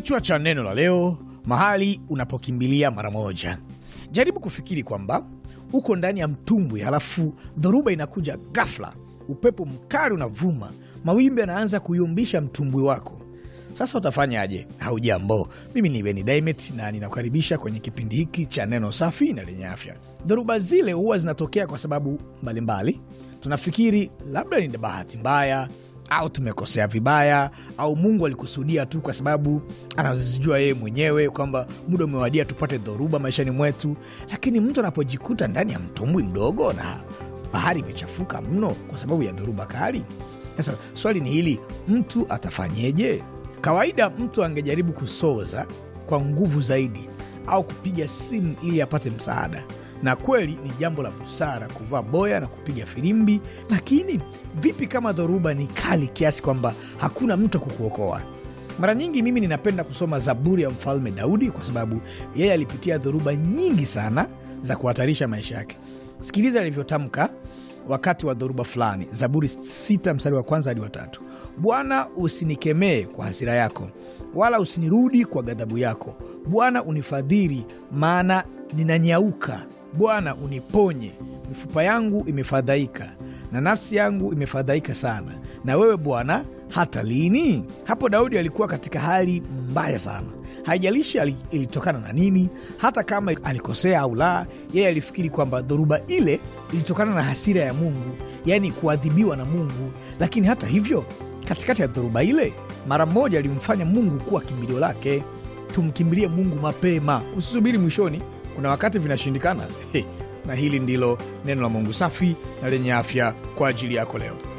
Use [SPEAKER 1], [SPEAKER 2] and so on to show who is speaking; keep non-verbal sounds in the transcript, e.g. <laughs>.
[SPEAKER 1] Kichwa cha neno la leo: mahali unapokimbilia mara moja. Jaribu kufikiri kwamba uko ndani ya mtumbwi, halafu dhoruba inakuja ghafla, upepo mkali unavuma, mawimbi yanaanza kuyumbisha mtumbwi wako. Sasa utafanyaje? Haujambo, mimi ni Beni Dimet na ninakukaribisha kwenye kipindi hiki cha neno safi na lenye afya. Dhoruba zile huwa zinatokea kwa sababu mbalimbali mbali. Tunafikiri labda ni bahati mbaya au tumekosea vibaya au Mungu alikusudia tu, kwa sababu anazijua yeye mwenyewe kwamba muda umewadia tupate dhoruba maishani mwetu. Lakini mtu anapojikuta ndani ya mtumbwi mdogo na bahari imechafuka mno kwa sababu ya dhoruba kali, sasa swali ni hili, mtu atafanyeje? Kawaida mtu angejaribu kusoza kwa nguvu zaidi au kupiga simu ili apate msaada. Na kweli ni jambo la busara kuvaa boya na kupiga filimbi, lakini vipi kama dhoruba ni kali kiasi kwamba hakuna mtu wa kukuokoa? Mara nyingi mimi ninapenda kusoma Zaburi ya Mfalme Daudi kwa sababu yeye alipitia dhoruba nyingi sana za kuhatarisha maisha yake. Sikiliza alivyotamka wakati wa dhoruba fulani. Zaburi sita mstari wa kwanza hadi watatu: Bwana, usinikemee kwa hasira yako, wala usinirudi kwa ghadhabu yako, Bwana unifadhili, maana ninanyauka. Bwana uniponye, mifupa yangu imefadhaika na nafsi yangu imefadhaika sana. Na wewe Bwana, hata lini? Hapo Daudi alikuwa katika hali mbaya sana. Haijalishi ilitokana na nini, hata kama alikosea au la, yeye alifikiri kwamba dhoruba ile ilitokana na hasira ya Mungu, yaani kuadhibiwa na Mungu. Lakini hata hivyo, katikati ya dhoruba ile, mara mmoja alimfanya Mungu kuwa kimbilio lake tumkimbilie Mungu mapema, usisubiri mwishoni. Kuna wakati vinashindikana. <laughs> na hili ndilo neno la Mungu safi na lenye afya kwa ajili yako leo.